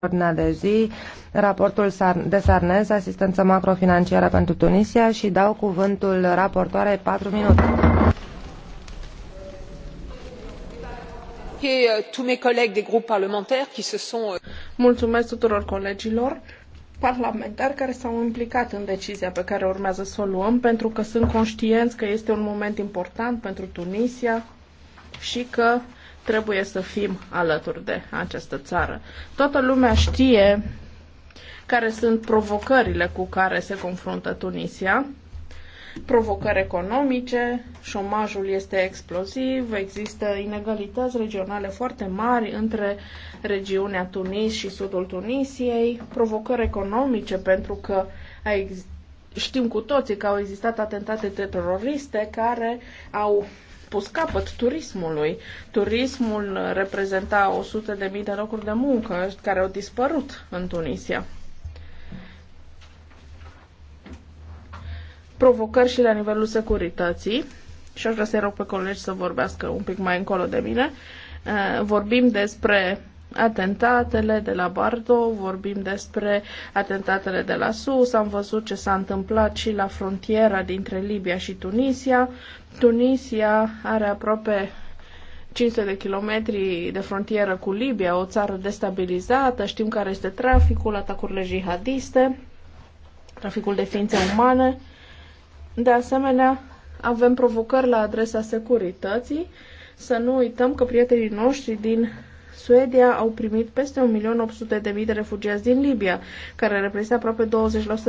ordinea de zi, raportul de Sarnez, asistență macrofinanciară pentru Tunisia și dau cuvântul raportoarei 4 minute. Euh, euh, Mulțumesc tuturor colegilor parlamentari care s-au implicat în decizia pe care urmează să o luăm, pentru că sunt conștienți că este un moment important pentru Tunisia și că trebuie să fim alături de această țară. Toată lumea știe care sunt provocările cu care se confruntă Tunisia. Provocări economice, șomajul este exploziv, există inegalități regionale foarte mari între regiunea Tunis și sudul Tunisiei, provocări economice pentru că a știm cu toții că au existat atentate teroriste care au pus capăt turismului. Turismul reprezenta 100.000 de mii de locuri de muncă care au dispărut în Tunisia. Provocări și la nivelul securității și aș vrea să-i rog pe colegi să vorbească un pic mai încolo de mine. Eh, vorbim despre atentatele de la Bardo, vorbim despre atentatele de la Sus, am văzut ce s-a întâmplat și la frontiera dintre Libia și Tunisia. Tunisia are aproape 500 de kilometri de frontieră cu Libia, o țară destabilizată, știm care este traficul, atacurile jihadiste, traficul de ființe umane. De asemenea, avem provocări la adresa securității. Să nu uităm că prietenii noștri din Suedia au primit peste 1.800.000 de refugiați din Libia, care reprezintă aproape 20%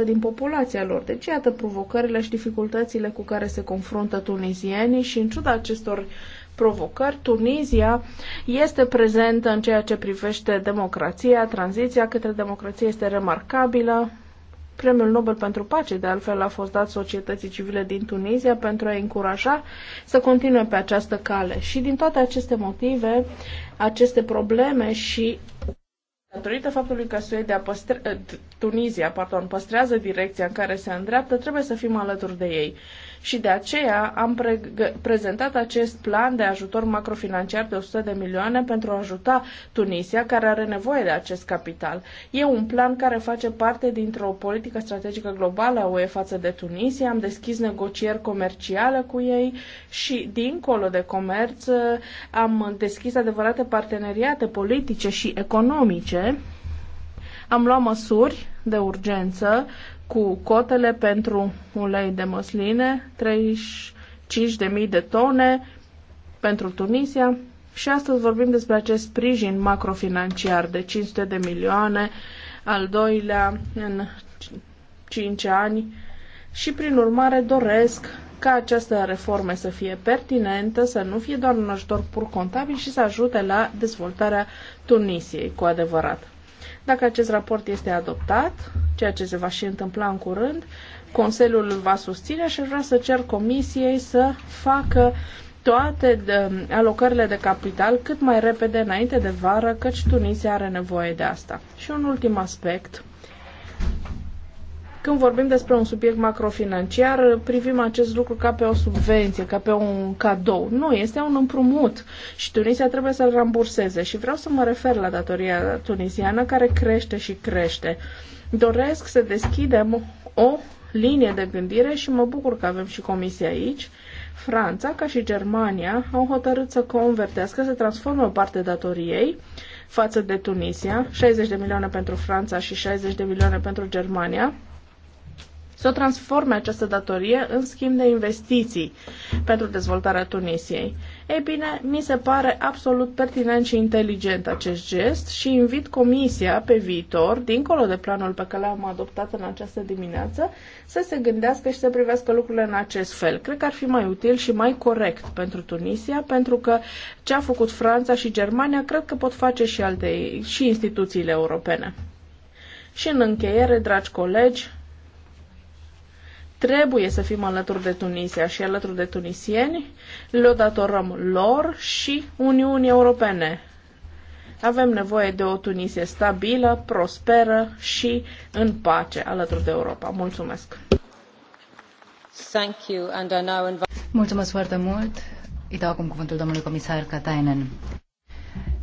din populația lor. Deci, iată provocările și dificultățile cu care se confruntă tunizienii și, în ciuda acestor provocări, Tunisia este prezentă în ceea ce privește democrația, tranziția către democrație este remarcabilă, Premiul Nobel pentru Pace, de altfel, a fost dat societății civile din Tunisia pentru a încuraja să continue pe această cale. Și din toate aceste motive, aceste probleme și Datorită faptului că Suedia păstre... Eh, Tunisia pardon, păstrează direcția în care se îndreaptă, trebuie să fim alături de ei și de aceea am pre- prezentat acest plan de ajutor macrofinanciar de 100 de milioane pentru a ajuta Tunisia, care are nevoie de acest capital. E un plan care face parte dintr-o politică strategică globală a UE față de Tunisia. Am deschis negocieri comerciale cu ei și, dincolo de comerț, am deschis adevărate parteneriate politice și economice. Am luat măsuri de urgență cu cotele pentru ulei de măsline, 35.000 de tone pentru Tunisia. Și astăzi vorbim despre acest sprijin macrofinanciar de 500 de milioane, al doilea în 5 ani și prin urmare doresc ca această reforme să fie pertinentă, să nu fie doar un ajutor pur contabil și să ajute la dezvoltarea Tunisiei cu adevărat. Dacă acest raport este adoptat, ceea ce se va și întâmpla în curând. Consiliul va susține și vrea să cer comisiei să facă toate de, alocările de capital cât mai repede înainte de vară, căci Tunisia are nevoie de asta. Și un ultim aspect. Când vorbim despre un subiect macrofinanciar, privim acest lucru ca pe o subvenție, ca pe un cadou. Nu, este un împrumut și Tunisia trebuie să-l ramburseze. Și vreau să mă refer la datoria tunisiană care crește și crește. Uh, doresc să deschidem o linie de gândire și mă bucur că avem și comisia aici. Franța, ca și Germania, au hotărât să convertească, să transforme o parte datoriei față de Tunisia, 60 de milioane pentru Franța și 60 de milioane pentru Germania, să o transforme această datorie în schimb de investiții pentru dezvoltarea Tunisiei. E bine, mi se pare absolut pertinent și inteligent acest gest și invit Comisia pe viitor, dincolo de planul pe care l-am adoptat în această dimineață, să se gândească și să privească lucrurile în acest fel. Cred că ar fi mai util și mai corect pentru Tunisia, pentru că ce a făcut Franța și Germania, cred că pot face și alte și instituțiile europene. Și în încheiere, dragi colegi, Trebuie să fim alături de Tunisia și alături de tunisieni, le datorăm lor și Uniunii Europene. Avem nevoie de o Tunisie stabilă, prosperă și în pace alături de Europa. Mulțumesc! Thank you and I now invite... Mulțumesc foarte mult! Îi dau acum cuvântul domnului comisar Katainen.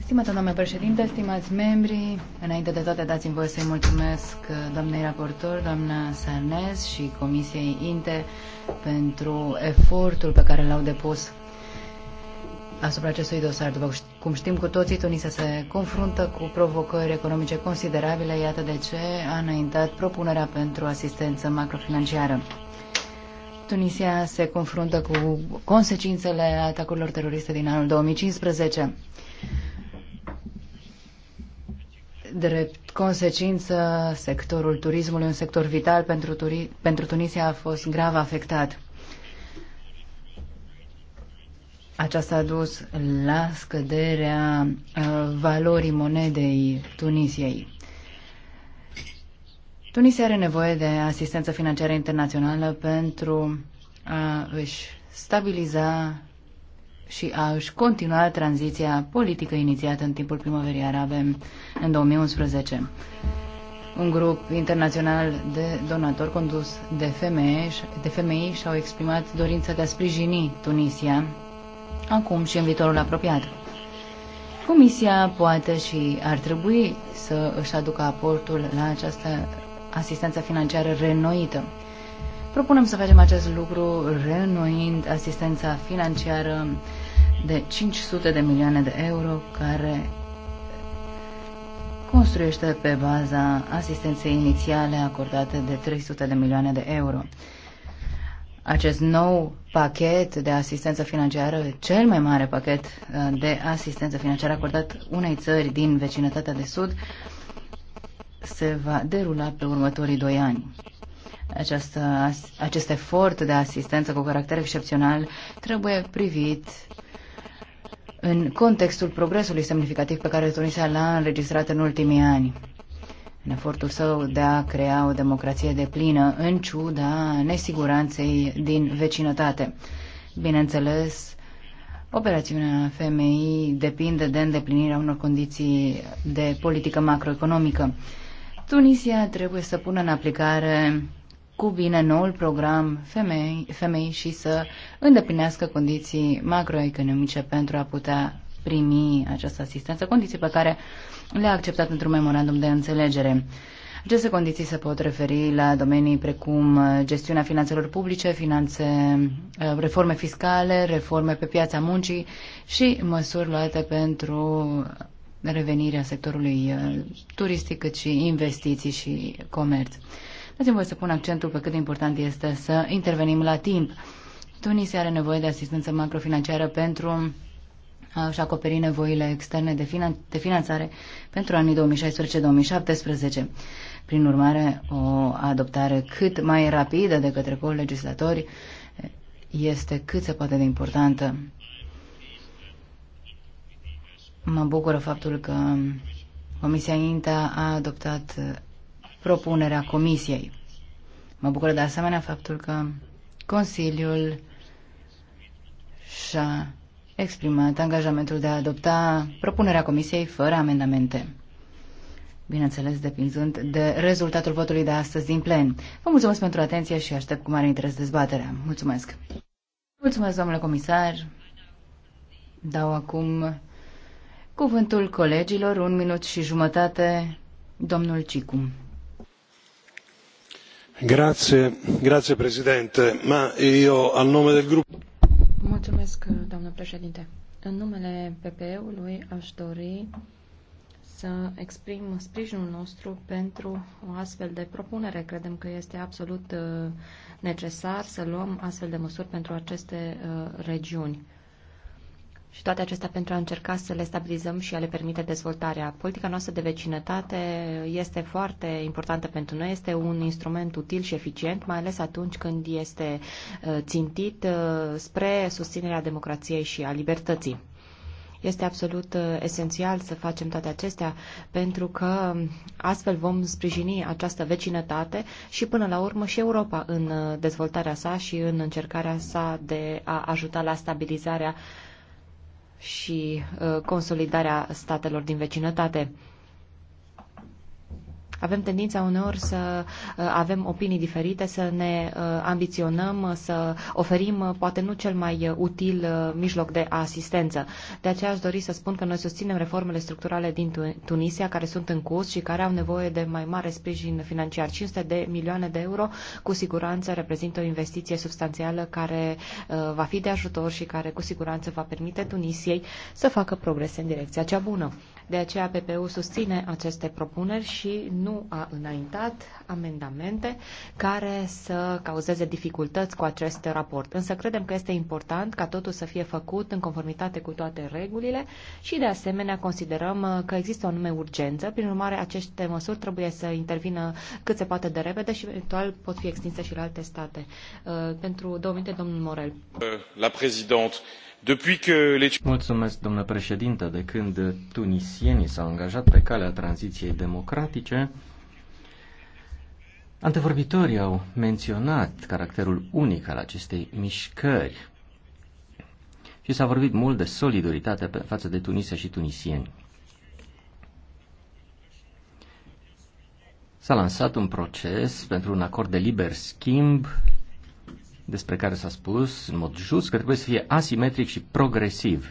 Stimată doamnă președinte, stimați membri, înainte de toate dați-mi voie să-i mulțumesc uh, doamnei raportor, doamna Sarnez și Comisiei INTE pentru efortul pe care l-au depus asupra acestui dosar. După cum știm cu toții, Tunisia se confruntă cu provocări economice considerabile, iată de ce a înaintat propunerea pentru asistență macrofinanciară. Tunisia se confruntă cu consecințele atacurilor teroriste din anul 2015. Drept consecință, sectorul turismului, un sector vital pentru, turi- pentru Tunisia, a fost grav afectat. Aceasta a dus la scăderea uh, valorii monedei Tunisiei. Tunisia are nevoie de asistență financiară internațională pentru a își stabiliza și a-și continua tranziția politică inițiată în timpul primăverii arabe în 2011. Un grup internațional de donatori condus de femei, de femei și-au exprimat dorința de a sprijini Tunisia acum și în viitorul apropiat. Comisia poate și ar trebui să își aducă aportul la această asistență financiară renoită. Propunem să facem acest lucru reînnoind asistența financiară de 500 de milioane de euro care construiește pe baza asistenței inițiale acordate de 300 de milioane de euro. Acest nou pachet de asistență financiară, cel mai mare pachet uh, de asistență financiară acordat unei țări din vecinătatea de sud, se va derula pe următorii doi ani. Această, acest efort de asistență cu caracter excepțional trebuie privit în contextul progresului semnificativ pe care Tunisia l-a înregistrat în ultimii ani în efortul său de a crea o democrație de plină, în ciuda nesiguranței din vecinătate. Bineînțeles, operațiunea FMI depinde de îndeplinirea unor condiții de politică macroeconomică. Tunisia trebuie să pună în aplicare cu bine noul program femei, femei și să îndeplinească condiții macroeconomice pentru a putea primi această asistență, condiții pe care le-a acceptat într-un memorandum de înțelegere. Aceste condiții se pot referi la domenii precum gestiunea finanțelor publice, finanțe, uh, reforme fiscale, reforme pe piața muncii și măsuri luate pentru revenirea sectorului uh, turistic, cât și investiții și comerț. Dați-mi voie să pun accentul pe cât de important este să intervenim la timp. Tunisia are nevoie de asistență macrofinanciară pentru și acoperi nevoile externe de, finan- de finanțare pentru anii 2016-2017. Prin urmare, o adoptare cât mai rapidă de către co-legislatori este cât se poate de importantă. Mă bucură faptul că Comisia INTA a adoptat propunerea Comisiei. Mă bucură de asemenea faptul că Consiliul și-a exprimat angajamentul de a adopta propunerea Comisiei fără amendamente. Bineînțeles, depinzând de rezultatul votului de astăzi din plen. Vă mulțumesc pentru atenție și aștept cu mare interes dezbaterea. Mulțumesc! Mulțumesc, domnule comisar! Dau acum cuvântul colegilor, un minut și jumătate, domnul Cicum. Grazie, grazie Presidente. Ma președinte. În numele PPE-ului aș dori să exprim sprijinul nostru pentru o astfel de propunere. Credem că este absolut uh, necesar să luăm astfel de măsuri pentru aceste uh, regiuni. Și toate acestea pentru a încerca să le stabilizăm și a le permite dezvoltarea. Politica noastră de vecinătate este foarte importantă pentru noi, este un instrument util și eficient, mai ales atunci când este uh, țintit uh, spre susținerea democrației și a libertății. Este absolut uh, esențial să facem toate acestea pentru că astfel vom sprijini această vecinătate și până la urmă și Europa în dezvoltarea sa și în încercarea sa de a ajuta la stabilizarea uh, și uh, consolidarea statelor din vecinătate. Avem tendința uneori să uh, avem opinii diferite, să ne uh, ambiționăm, uh, să oferim poate nu cel mai util mijloc de asistență. De aceea aș dori să spun că noi susținem reformele structurale din Tunisia care sunt în curs și care au nevoie de mai mare sprijin financiar. 500 de milioane de euro cu siguranță reprezintă o investiție substanțială care va fi de ajutor și care cu siguranță va permite Tunisiei să facă progrese în direcția cea bună. De aceea PPU susține aceste propuneri și nu a înaintat amendamente care să cauzeze dificultăți cu acest raport. Însă credem că este important ca totul să fie făcut în conformitate cu toate regulile și de asemenea considerăm că există o anume urgență. Prin urmare, aceste măsuri trebuie să intervină cât se poate de repede și eventual pot fi extinse și la alte state. Uh, pentru două minute, domnul Morel. Uh, la președinte. Depuis que les... Mulțumesc, domnule președinte. De când tunisienii s-au angajat pe calea tranziției democratice, antevorbitorii au menționat caracterul unic al acestei mișcări și s-a vorbit mult de solidaritate față de Tunisia și tunisieni. S-a lansat un proces pentru un acord de liber schimb despre care s-a spus în mod just că trebuie să fie asimetric și progresiv.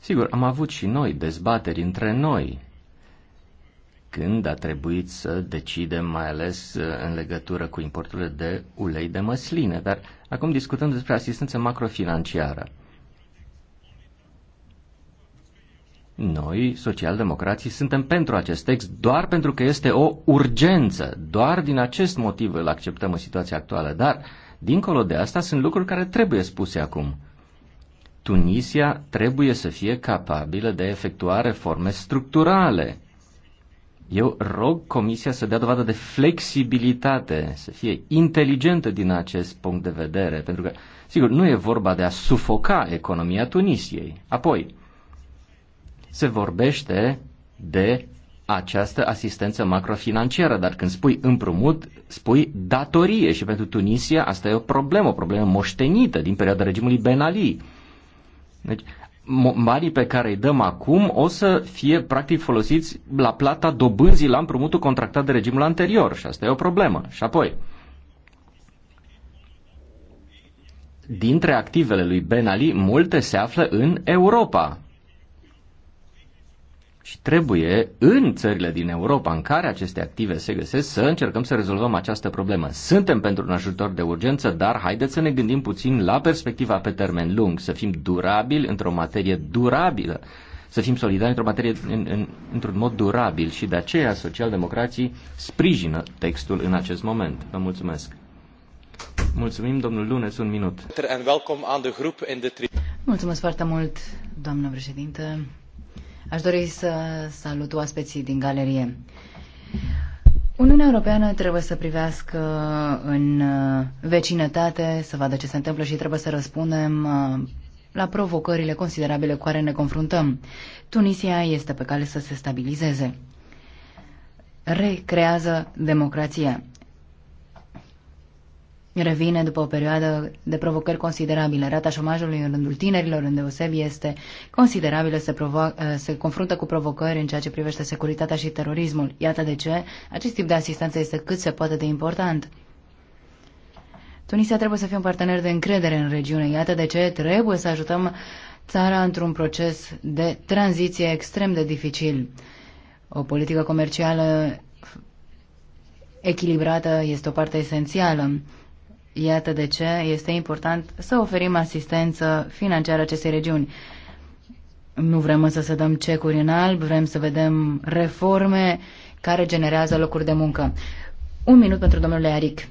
Sigur, am avut și noi dezbateri între noi când a trebuit să decidem mai ales uh, în legătură cu importurile de ulei de măsline, dar acum discutăm despre asistență macrofinanciară. Noi, socialdemocrații, suntem pentru acest text doar pentru că este o urgență. Doar din acest motiv îl acceptăm în situația actuală. Dar, dincolo de asta, sunt lucruri care trebuie spuse acum. Tunisia trebuie să fie capabilă de a efectua reforme structurale. Eu rog Comisia să dea dovadă de flexibilitate, să fie inteligentă din acest punct de vedere, pentru că, sigur, nu e vorba de a sufoca economia Tunisiei. Apoi, se vorbește de această asistență macrofinanciară, dar când spui împrumut, spui datorie și pentru Tunisia asta e o problemă, o problemă moștenită din perioada regimului Ben Ali. Deci, banii pe care îi dăm acum o să fie practic folosiți la plata dobânzii la împrumutul contractat de regimul anterior și asta e o problemă. Și apoi, dintre activele lui Ben Ali, multe se află în Europa. Și trebuie, în țările din Europa în care aceste active se găsesc, să încercăm să rezolvăm această problemă. Suntem pentru un ajutor de urgență, dar haideți să ne gândim puțin la perspectiva pe termen lung, să fim durabili într-o materie durabilă, să fim solidari într-o materie, în, în, într-un mod durabil și de aceea socialdemocrații sprijină textul în acest moment. Vă mulțumesc! Mulțumim, domnul Lunes, un minut. Mulțumesc foarte mult, doamnă președinte. Aș dori să salut oaspeții din galerie. Uniunea Europeană trebuie să privească în uh, vecinătate, să vadă ce se întâmplă și trebuie să răspundem uh, la provocările considerabile cu care ne confruntăm. Tunisia este pe cale să se stabilizeze. Recrează democrația revine după o perioadă de provocări considerabile. Rata șomajului în rândul tinerilor, în deosebi, este considerabilă, se, provo- ă, se confruntă cu provocări în ceea ce privește securitatea și terorismul. Iată de ce acest tip de asistență este cât se poate de important. Tunisia trebuie să fie un partener de încredere în regiune. Iată de ce trebuie să ajutăm țara într-un proces de tranziție extrem de dificil. O politică comercială echilibrată este o parte esențială. Iată de ce este important să oferim asistență financiară acestei regiuni. Nu vrem însă să dăm cecuri în alb, vrem să vedem reforme care generează locuri de muncă. Un minut pentru domnul Learic.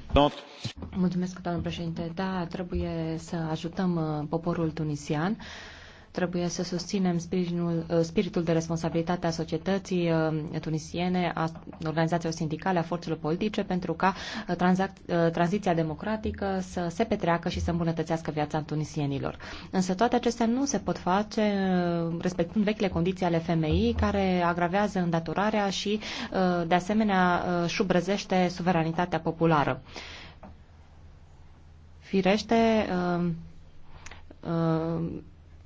Mulțumesc, domnul președinte. Da, trebuie să ajutăm uh, poporul tunisian. Trebuie să susținem sprijinul, uh, spiritul de responsabilitate a societății uh, tunisiene, a organizațiilor sindicale, a forțelor politice, pentru ca uh, tranzac- tranziția democratică să se petreacă și să îmbunătățească viața tunisienilor. Însă toate acestea nu se pot face respectând vechile condiții ale femeii, care agravează îndatorarea și, de asemenea, șubrăzește suveranitatea populară. Firește,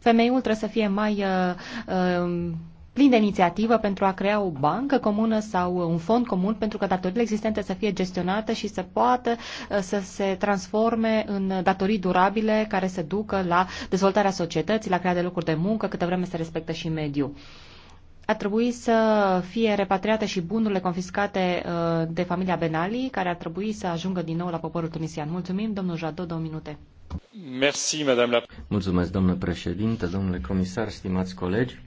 Femeiul trebuie să fie mai uh, uh, plin de inițiativă pentru a crea o bancă comună sau un fond comun pentru că datoriile existente să fie gestionate și să poată uh, să se transforme în datorii durabile care să ducă la dezvoltarea societății, la crearea de locuri de muncă, câtă vreme se respectă și mediul ar trebui să fie repatriate și bunurile confiscate de familia Benali, care ar trebui să ajungă din nou la poporul tunisian. Mulțumim, domnul Jadot, două minute. Mulțumesc, domnule președinte, domnule comisar, stimați colegi.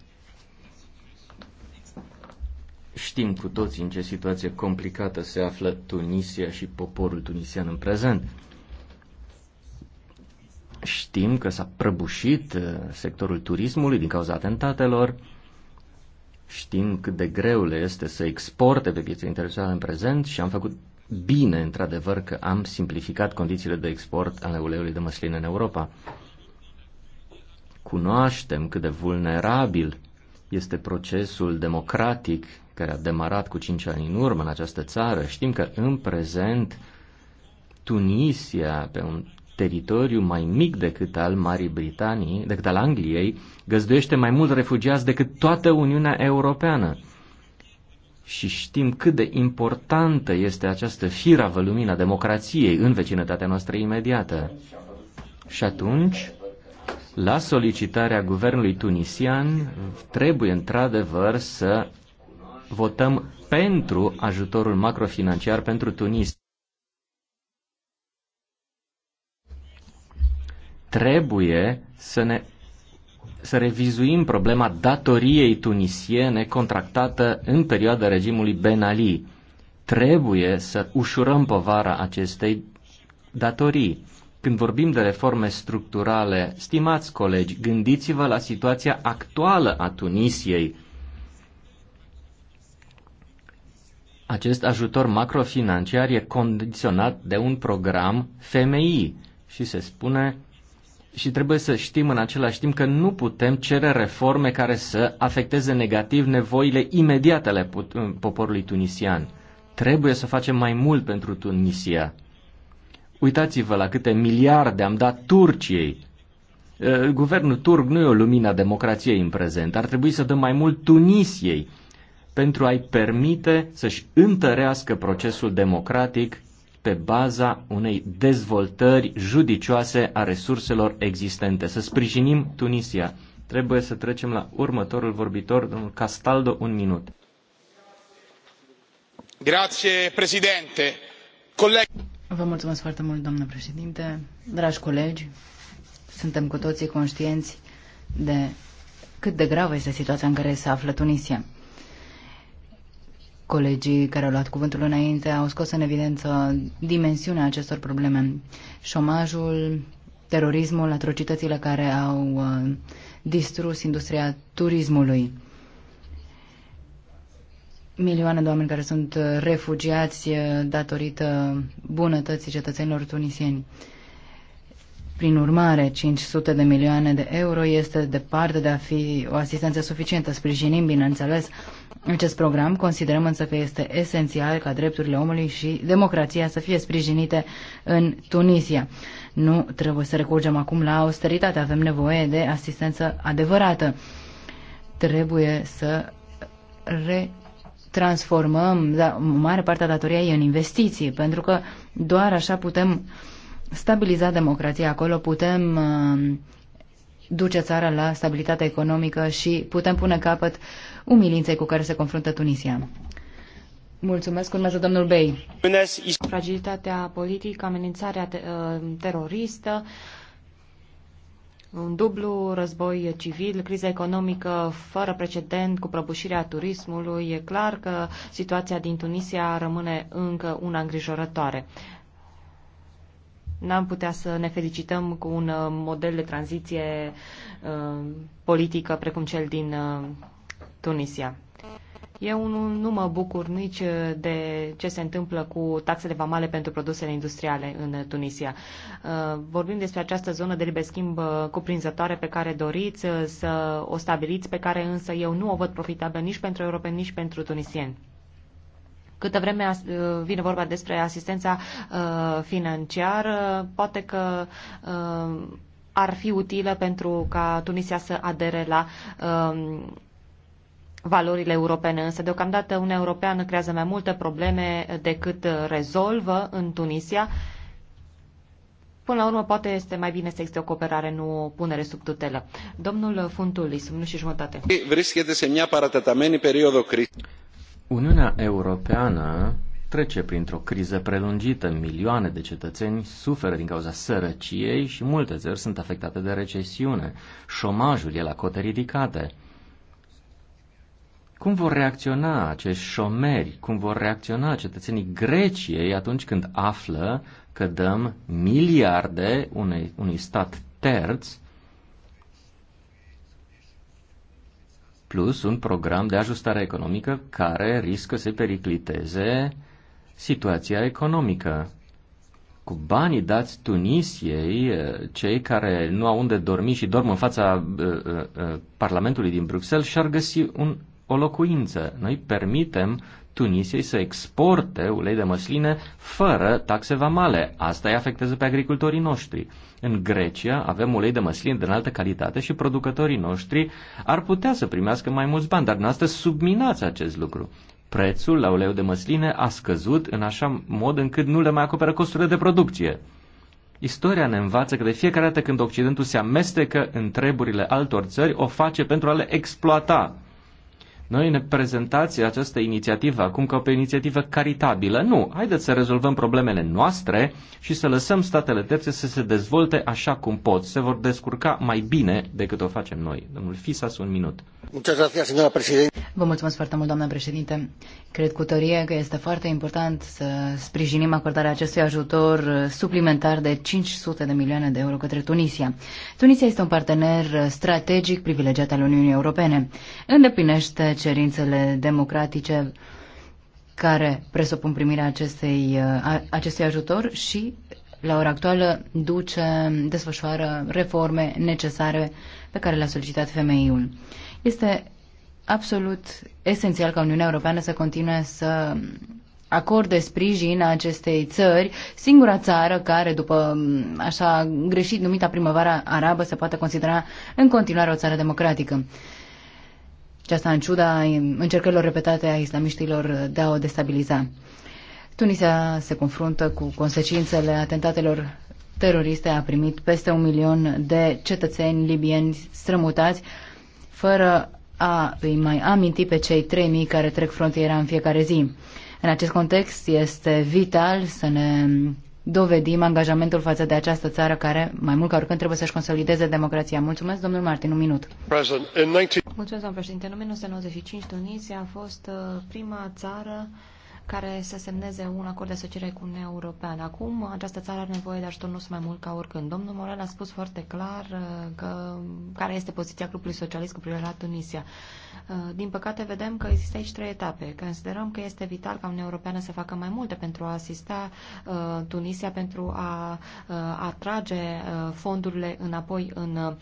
Știm cu toții în ce situație complicată se află Tunisia și poporul tunisian în prezent. Știm că s-a prăbușit uh, sectorul turismului din cauza atentatelor. Știm cât de greu le este să exporte pe piețe internaționale în prezent și am făcut bine, într-adevăr, că am simplificat condițiile de export ale uleiului de măsline în Europa. Cunoaștem cât de vulnerabil este procesul democratic care a demarat cu 5 ani în urmă în această țară. Știm că în prezent Tunisia, pe un teritoriu mai mic decât al Marii Britanii, decât al Angliei, găzduiește mai mult refugiați decât toată Uniunea Europeană și știm cât de importantă este această firavă lumina democrației în vecinătatea noastră imediată. Și atunci, la solicitarea guvernului tunisian, trebuie într-adevăr să votăm pentru ajutorul macrofinanciar pentru Tunis. Trebuie să ne să revizuim problema datoriei tunisiene contractată în perioada regimului Ben Ali. Trebuie să ușurăm povara acestei datorii. Când vorbim de reforme structurale, stimați colegi, gândiți-vă la situația actuală a Tunisiei. Acest ajutor macrofinanciar e condiționat de un program FMI și se spune și trebuie să știm în același timp că nu putem cere reforme care să afecteze negativ nevoile imediate ale poporului tunisian. Trebuie să facem mai mult pentru Tunisia. Uitați-vă la câte miliarde am dat Turciei. Uh, guvernul turc nu e o lumină a democrației în prezent. Ar trebui să dăm mai mult Tunisiei pentru a-i permite să-și întărească procesul democratic pe baza unei dezvoltări judicioase a resurselor existente. Să sprijinim Tunisia. Trebuie să trecem la următorul vorbitor, domnul Castaldo, un minut. Grazie, președinte. Coleg... Vă mulțumesc foarte mult, domnule președinte. Dragi colegi, suntem cu toții conștienți de cât de gravă este situația în care se află Tunisia. Colegii care au luat cuvântul înainte au scos în evidență dimensiunea acestor probleme. Șomajul, terorismul, atrocitățile care au uh, distrus industria turismului. Milioane de oameni care sunt uh, refugiați uh, datorită bunătății cetățenilor tunisieni. Prin urmare, 500 de milioane de euro este departe de a fi o asistență suficientă. Sprijinim, bineînțeles, acest program, considerăm însă că este esențial ca drepturile omului și democrația să fie sprijinite în Tunisia. Nu trebuie să recurgem acum la austeritate, avem nevoie de asistență adevărată. Trebuie să re transformăm da, mare parte a datoriei în investiții, pentru că doar așa putem uh, stabiliza democrația acolo, putem uh, duce țara la stabilitate economică și putem pune capăt umilinței cu care se confruntă Tunisia. Mulțumesc, urmează domnul Bey. Fragilitatea politică, amenințarea uh, teroristă, un dublu război civil, criza economică fără precedent cu prăbușirea turismului, e clar că situația din Tunisia rămâne încă una îngrijorătoare n-am putea să ne felicităm cu un uh, model de tranziție uh, politică precum cel din uh, Tunisia. Eu nu, nu mă bucur nici de ce se întâmplă cu taxele vamale pentru produsele industriale în Tunisia. Vorbim despre această zonă de liber schimb cuprinzătoare pe care doriți să o stabiliți, pe care însă eu nu o văd profitabilă nici pentru europeni, nici pentru tunisieni. Câtă vreme uh, vine vorba despre asistența uh, financiară, poate că uh, ar fi utilă pentru ca Tunisia să adere la um, valorile europene, însă deocamdată Uniunea Europeană creează mai multe probleme decât rezolvă în Tunisia. Până la urmă, poate este mai bine să existe o cooperare, nu o punere sub tutelă. Domnul Funtulis, nu și jumătate. Uniunea Europeană trece printr-o criză prelungită. Milioane de cetățeni suferă din cauza sărăciei și multe țări sunt afectate de recesiune. Șomajul e la cote ridicate. Cum vor reacționa acești șomeri? Cum vor reacționa cetățenii Greciei atunci când află că dăm miliarde unei, unui stat terț plus un program de ajustare economică care riscă să pericliteze situația economică. Cu banii dați Tunisiei, eh, cei care nu au unde dormi și dorm în fața uh, uh, Parlamentului din Bruxelles și-ar găsi un, o locuință. Noi permitem Tunisiei să exporte ulei de măsline fără taxe vamale. Asta îi afectează pe agricultorii noștri. În Grecia avem ulei de măsline de înaltă calitate și producătorii noștri ar putea să primească mai mulți bani, dar noastră subminați acest lucru. Prețul la uleiul de măsline a scăzut în așa mod încât nu le mai acoperă costurile de producție. Istoria ne învață că de fiecare dată când Occidentul se amestecă în treburile altor țări, o face pentru a le exploata. Noi ne prezentați această inițiativă acum ca pe inițiativă caritabilă. Nu, haideți să rezolvăm problemele noastre și să lăsăm statele terțe să se dezvolte așa cum pot. Se vor descurca mai bine decât o facem noi. Domnul Fisas, un minut. Vă mulțumesc foarte mult, doamna președinte. Cred cu tărie că este foarte important să sprijinim acordarea acestui ajutor suplimentar de 500 de milioane de euro către Tunisia. Tunisia este un partener strategic privilegiat al Uniunii Europene. Îndeplinește cerințele democratice care presupun primirea acestei, acestui ajutor și la ora actuală duce, desfășoară reforme necesare pe care le-a solicitat femeiul. Este absolut esențial ca Uniunea Europeană să continue să acorde sprijin acestei țări, singura țară care, după așa greșit numita primăvara arabă, se poate considera în continuare o țară democratică. Și asta în ciuda încercărilor repetate a islamiștilor de a o destabiliza. Tunisia se confruntă cu consecințele atentatelor teroriste, a primit peste un milion de cetățeni libieni strămutați, fără a îi mai aminti pe cei 3.000 care trec frontiera în fiecare zi. În acest context este vital să ne dovedim angajamentul față de această țară care, mai mult ca oricând, trebuie să-și consolideze democrația. Mulțumesc, domnul Martin, un minut. Mulțumesc, domnul președinte. În 1995, Tunisia a fost uh, prima țară care să semneze un acord de asociere cu Uniunea Europeană. Acum această țară are nevoie de ajutor nu mai mult ca oricând. Domnul Morel a spus foarte clar uh, că, care este poziția grupului socialist cu privire la Tunisia. Uh, din păcate vedem că există aici trei etape. Considerăm că este vital ca Uniunea Europeană să facă mai multe pentru a asista uh, Tunisia, pentru a atrage fondurile înapoi în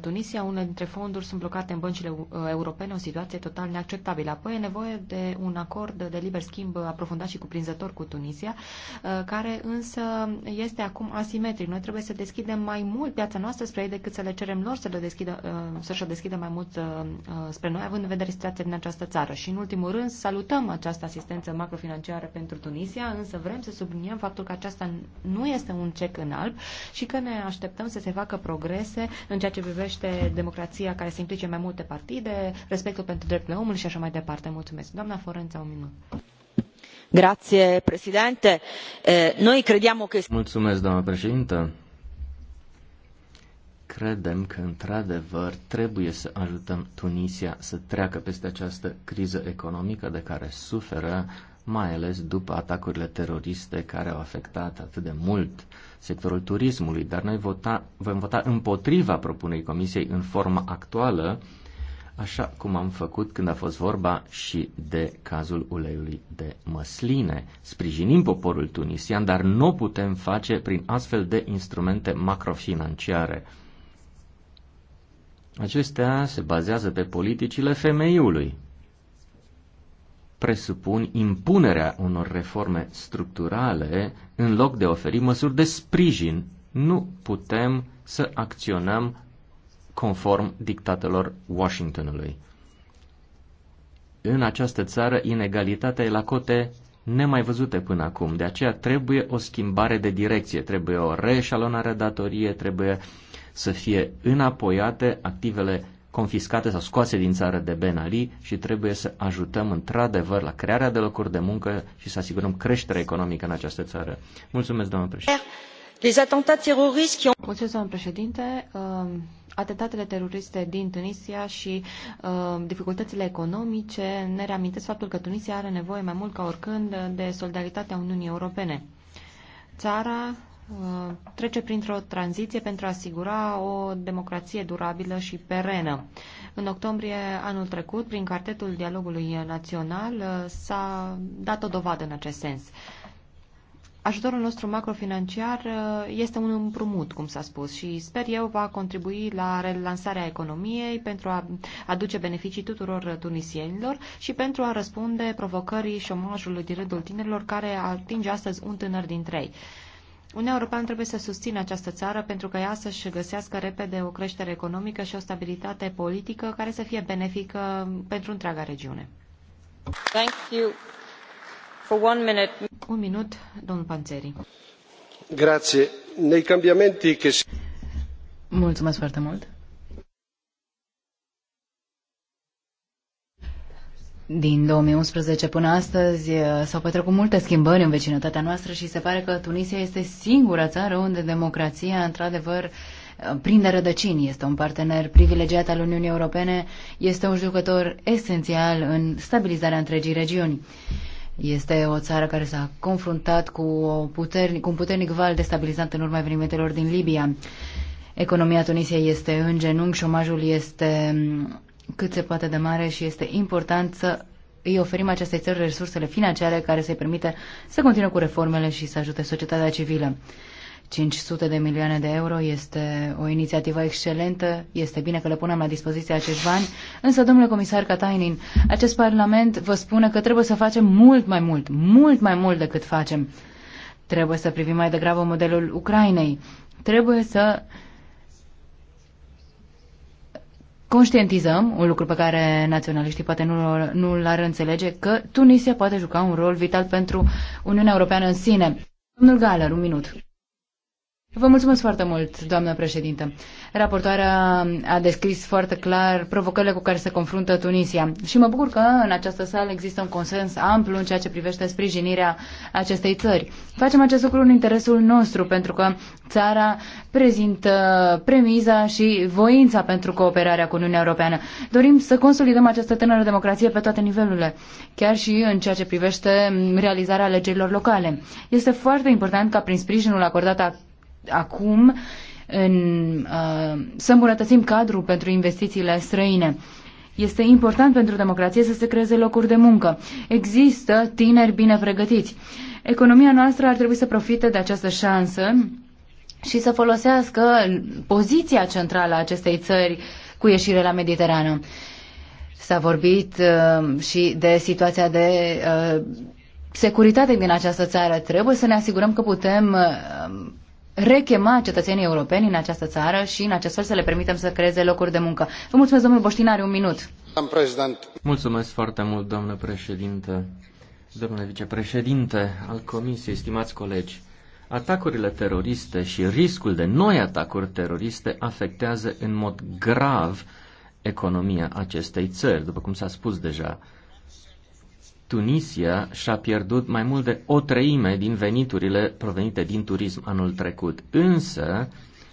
Tunisia. Unele dintre fonduri sunt blocate în băncile europene, o situație total neacceptabilă. Apoi e nevoie de un acord de liber schimb aprofundat și cuprinzător cu Tunisia, uh, care însă este acum asimetric. Noi trebuie să deschidem mai mult piața noastră spre ei decât să le cerem lor să le deschidă, uh, să-și deschidă mai mult uh, spre noi, având în vedere situația din această țară. Și în ultimul rând salutăm această asistență macrofinanciară pentru Tunisia, însă vrem să subliniem faptul că aceasta nu este un cec în alb și că ne așteptăm să se facă progrese în ceea ce privește democrația care se implice mai multe partide, respectul pentru drepturile omului și așa mai departe. Mulțumesc. Doamna Forența, un minut. Eh, Mulțumesc, doamnă președintă. Credem că, într-adevăr, trebuie să ajutăm Tunisia să treacă peste această criză economică de care suferă, mai ales după atacurile teroriste care au afectat atât de mult sectorul turismului. Dar noi vota, vom vota împotriva propunerii Comisiei în forma actuală, uh, așa cum am făcut când a fost vorba și de cazul uleiului de măsline. Sprijinim poporul tunisian, dar nu putem face prin astfel de instrumente macrofinanciare. Acestea se bazează pe politicile femeiului. Presupun impunerea unor reforme structurale în loc de oferi măsuri de sprijin. Nu putem să acționăm conform dictatelor Washingtonului. În această țară, inegalitatea e la cote nemai văzute până acum. De aceea trebuie o schimbare de direcție, trebuie o reșalonare datorie, trebuie să fie înapoiate activele confiscate sau scoase din țară de Ben Ali și trebuie să ajutăm într-adevăr la crearea de locuri de muncă și să asigurăm creșterea economică în această țară. Mulțumesc, doamnă președinte. Um, atentatele teroriste din Tunisia și uh, dificultățile economice ne reamintesc faptul că Tunisia are nevoie mai mult ca oricând de solidaritatea Uniunii Europene. Țara uh, trece printr-o tranziție pentru a asigura o democrație durabilă și perenă. În octombrie anul trecut, prin cartetul dialogului național, uh, s-a dat o dovadă în acest sens. Uh, Ajutorul nostru macrofinanciar uh, este un împrumut, cum s-a spus, și sper eu va contribui la relansarea economiei pentru a aduce beneficii tuturor tunisienilor și pentru a răspunde provocării șomajului din rândul tinerilor care atinge astăzi un tânăr din trei. Uniunea Europeană trebuie să susțină această țară pentru că ea să-și găsească repede o creștere economică și o stabilitate politică care să fie benefică pentru întreaga regiune. Thank you. For one minute. Un minut, Panzeri. Mulțumesc foarte mult. Din până astăzi eh, s-au petrecut multe schimbări în vecinătatea noastră și se pare că Tunisia este singura țară unde democrația, într-adevăr, eh, prinde rădăcini. Este un partener privilegiat al Uniunii Europene, este un jucător esențial în stabilizarea întregii regiuni. Este o țară care s-a confruntat cu, o puternic, cu un puternic val destabilizant în urma evenimentelor din Libia. Economia Tunisiei este în genunchi, șomajul este mm, cât se poate de mare și este important să îi oferim acestei țări resursele financiare care să-i permită să continue cu reformele și să ajute societatea civilă. 500 de milioane de euro este o inițiativă excelentă, este bine că le punem la dispoziție acești bani, însă, domnule comisar Katainin, acest Parlament vă spune că trebuie să facem mult mai mult, mult mai mult decât facem. Trebuie să privim mai degrabă modelul Ucrainei. Trebuie să conștientizăm, un lucru pe care naționaliștii poate nu, nu l-ar înțelege, că Tunisia poate juca un rol vital pentru Uniunea Europeană în sine. Domnul Galer, un minut. Vă mulțumesc foarte mult, doamnă președintă. Raportoarea a descris foarte clar provocările cu care se confruntă Tunisia și mă bucur că în această sală există un consens amplu în ceea ce privește sprijinirea acestei țări. Facem acest lucru în interesul nostru pentru că țara prezintă premiza și voința pentru cooperarea cu Uniunea Europeană. Dorim să consolidăm această tânără democrație pe toate nivelurile, chiar și în ceea ce privește realizarea alegerilor locale. Este foarte important ca prin sprijinul acordat acum în, uh, să îmbunătățim cadrul pentru investițiile străine. Este important pentru democrație să se creeze locuri de muncă. Există tineri bine pregătiți. Economia noastră ar trebui să profite de această șansă și să folosească poziția centrală a acestei țări cu ieșire la Mediterană. S-a vorbit uh, și de situația de uh, securitate din această țară. Trebuie să ne asigurăm că putem uh, rechema cetățenii europeni în această țară și în acest fel să le permitem să creeze locuri de muncă. Vă mulțumesc, domnul Boștinari, un minut. Mulțumesc foarte mult, domnule președinte, domnule vicepreședinte al Comisiei, stimați colegi. Atacurile teroriste și riscul de noi atacuri teroriste afectează în mod grav economia acestei țări, după cum s-a spus deja. Tunisia și-a pierdut mai mult de o treime din veniturile provenite din turism anul trecut. Însă,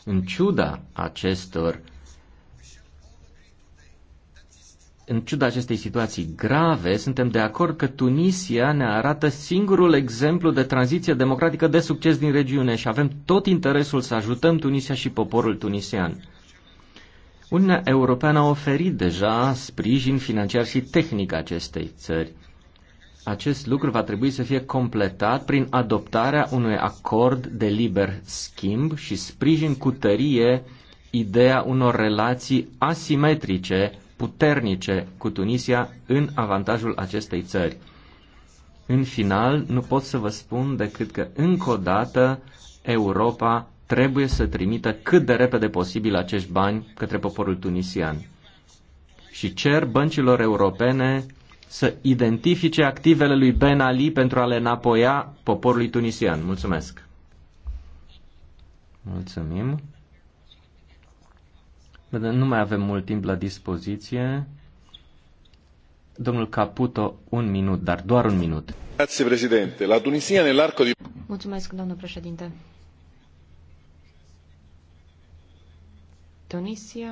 în ciuda acestor în ciuda acestei situații grave, suntem de acord că Tunisia ne arată singurul exemplu de tranziție democratică de succes din regiune și avem tot interesul să ajutăm Tunisia și poporul tunisian. Uniunea Europeană a oferit deja sprijin financiar și tehnic acestei țări acest lucru va trebui să fie completat prin adoptarea unui acord de liber schimb și sprijin cu tărie ideea unor relații asimetrice, puternice cu Tunisia în avantajul acestei țări. În final, nu pot să vă spun decât că încă o dată Europa trebuie să trimită cât de repede posibil acești bani către poporul tunisian. Și cer băncilor europene să identifice activele lui Ben Ali pentru a le înapoia poporului tunisian. Mulțumesc! Mulțumim! Nu mai avem mult timp la dispoziție. Domnul Caputo, un minut, dar doar un minut. Grazie, președinte. La Tunisia, nell'arco di... Mulțumesc, domnul președinte. Tunisia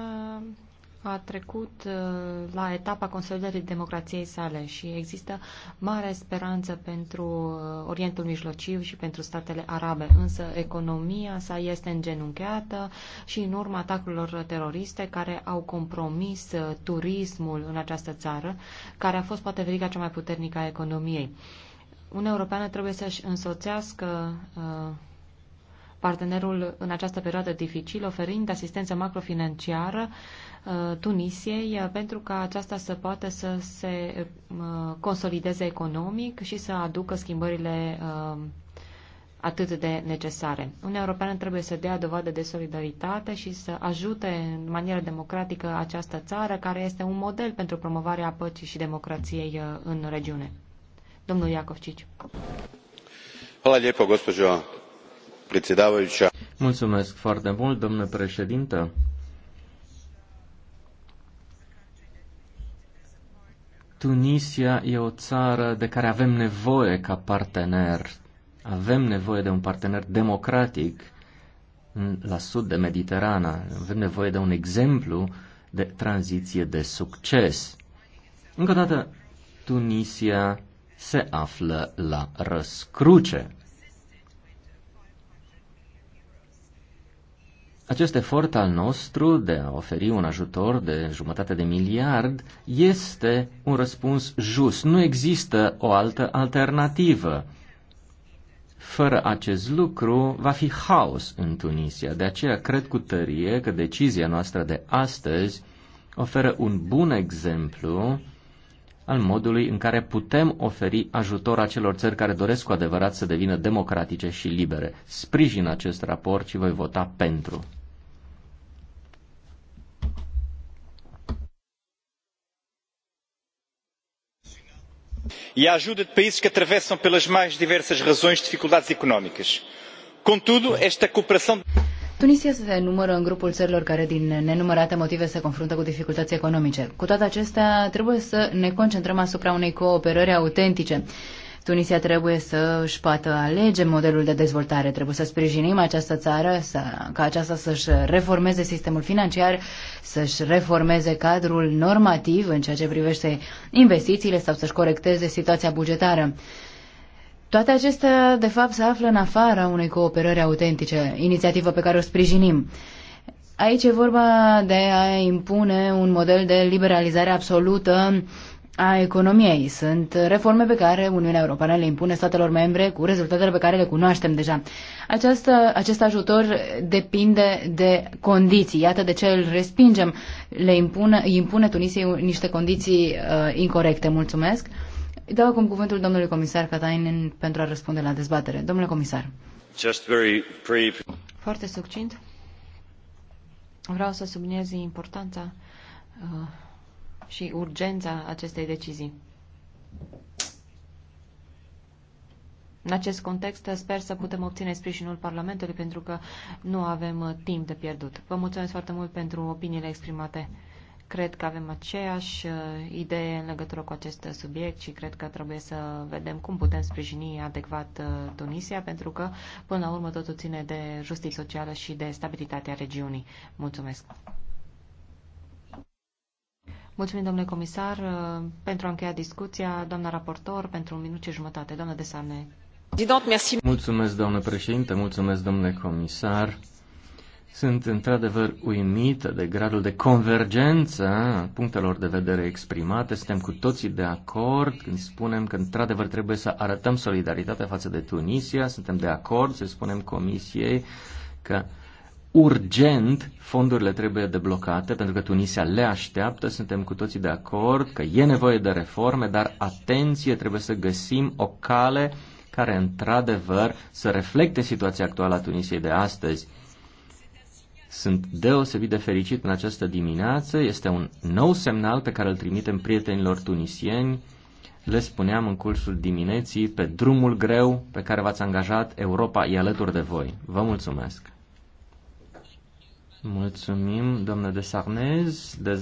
a trecut uh, la etapa consolidării democrației sale și există mare speranță pentru uh, Orientul Mijlociu și pentru statele arabe, însă economia sa este îngenuncheată și în urma atacurilor teroriste care au compromis uh, turismul în această țară, care a fost poate verica cea mai puternică a economiei. Uniunea Europeană trebuie să-și însoțească uh, partenerul în această perioadă dificilă, oferind asistență macrofinanciară uh, Tunisiei uh, pentru ca aceasta să poată să se uh, consolideze economic și să aducă schimbările atât de necesare. Uniunea Europeană trebuie să dea dovadă de solidaritate și să ajute în manieră democratică această țară, care este un model pentru promovarea păcii și democrației în regiune. Domnul Iacovcici. Hvala lijepo, gospođo Mulțumesc foarte mult, domnule președinte. Tunisia e o țară de care avem nevoie ca partener. Avem nevoie de un partener democratic la sud de Mediterana. Avem nevoie de un exemplu de tranziție de succes. Încă o dată, Tunisia se află la răscruce. Acest efort al nostru de a oferi un ajutor de jumătate de miliard este un răspuns just. Nu există o altă alternativă. Fără acest lucru va fi haos în Tunisia. De aceea cred cu tărie că decizia noastră de astăzi oferă un bun exemplu al modului în care putem oferi ajutor acelor țări care doresc cu adevărat să devină democratice și libere. Sprijin acest raport și voi vota pentru. e a ajuda de países que atravessam pelas mais diversas razões dificuldades económicas. Contudo, esta cooperação Tunisia se numără în grupul țărilor care din nenumărate motive se confruntă cu dificultăți economice. Cu toate acestea, trebuie să ne concentrăm asupra unei cooperări autentice. Tunisia trebuie să își poată alege modelul de dezvoltare, trebuie să sprijinim această țară, să, ca aceasta să-și reformeze sistemul financiar, să-și reformeze cadrul normativ în ceea ce privește investițiile sau să-și corecteze situația bugetară. Toate acestea, de fapt, se află în afara unei cooperări autentice, inițiativă pe care o sprijinim. Aici e vorba de a impune un model de liberalizare absolută a economiei. Sunt reforme pe care Uniunea Europeană le impune statelor membre cu rezultatele pe care le cunoaștem deja. Această, acest ajutor depinde de condiții. Iată de ce îl respingem. Le impune, îi impune Tunisiei niște condiții uh, incorrecte. Mulțumesc. Dau acum cuvântul domnului comisar Katainen pentru a răspunde la dezbatere. Domnule comisar. Just very brief. Foarte succint. Vreau să subliniez importanța uh, și urgența acestei decizii. În acest context, sper să putem obține sprijinul Parlamentului, pentru că nu avem uh, timp de pierdut. Vă mulțumesc foarte mult pentru opiniile exprimate. Cred că avem aceeași uh, idee în legătură cu acest subiect și cred că trebuie să vedem cum putem sprijini adecvat uh, Tunisia, pentru că, până la urmă, totul ține de justiție socială și de stabilitatea regiunii. Mulțumesc! Mulțumim, domnule comisar, uh, pentru a încheia discuția. Doamna raportor, pentru un minut și jumătate. Doamna Sane. Mulțumesc, doamnă președinte, mulțumesc, domnule comisar. Sunt într-adevăr uimită de gradul de convergență a punctelor de vedere exprimate. Suntem cu toții de acord când spunem că într-adevăr trebuie să arătăm solidaritatea față de Tunisia. Suntem de acord să spunem Comisiei că urgent fondurile trebuie deblocate pentru că Tunisia le așteaptă, suntem cu toții de acord că e nevoie de reforme, dar atenție, trebuie să găsim o cale care într-adevăr să reflecte situația actuală a Tunisiei de astăzi. Sunt deosebit de fericit în această dimineață, este un nou semnal pe care îl trimitem prietenilor tunisieni. Le spuneam în cursul dimineții, pe drumul greu pe care v-ați angajat, Europa e alături de voi. Vă mulțumesc! Mulțumim, domnule de Sarnez. De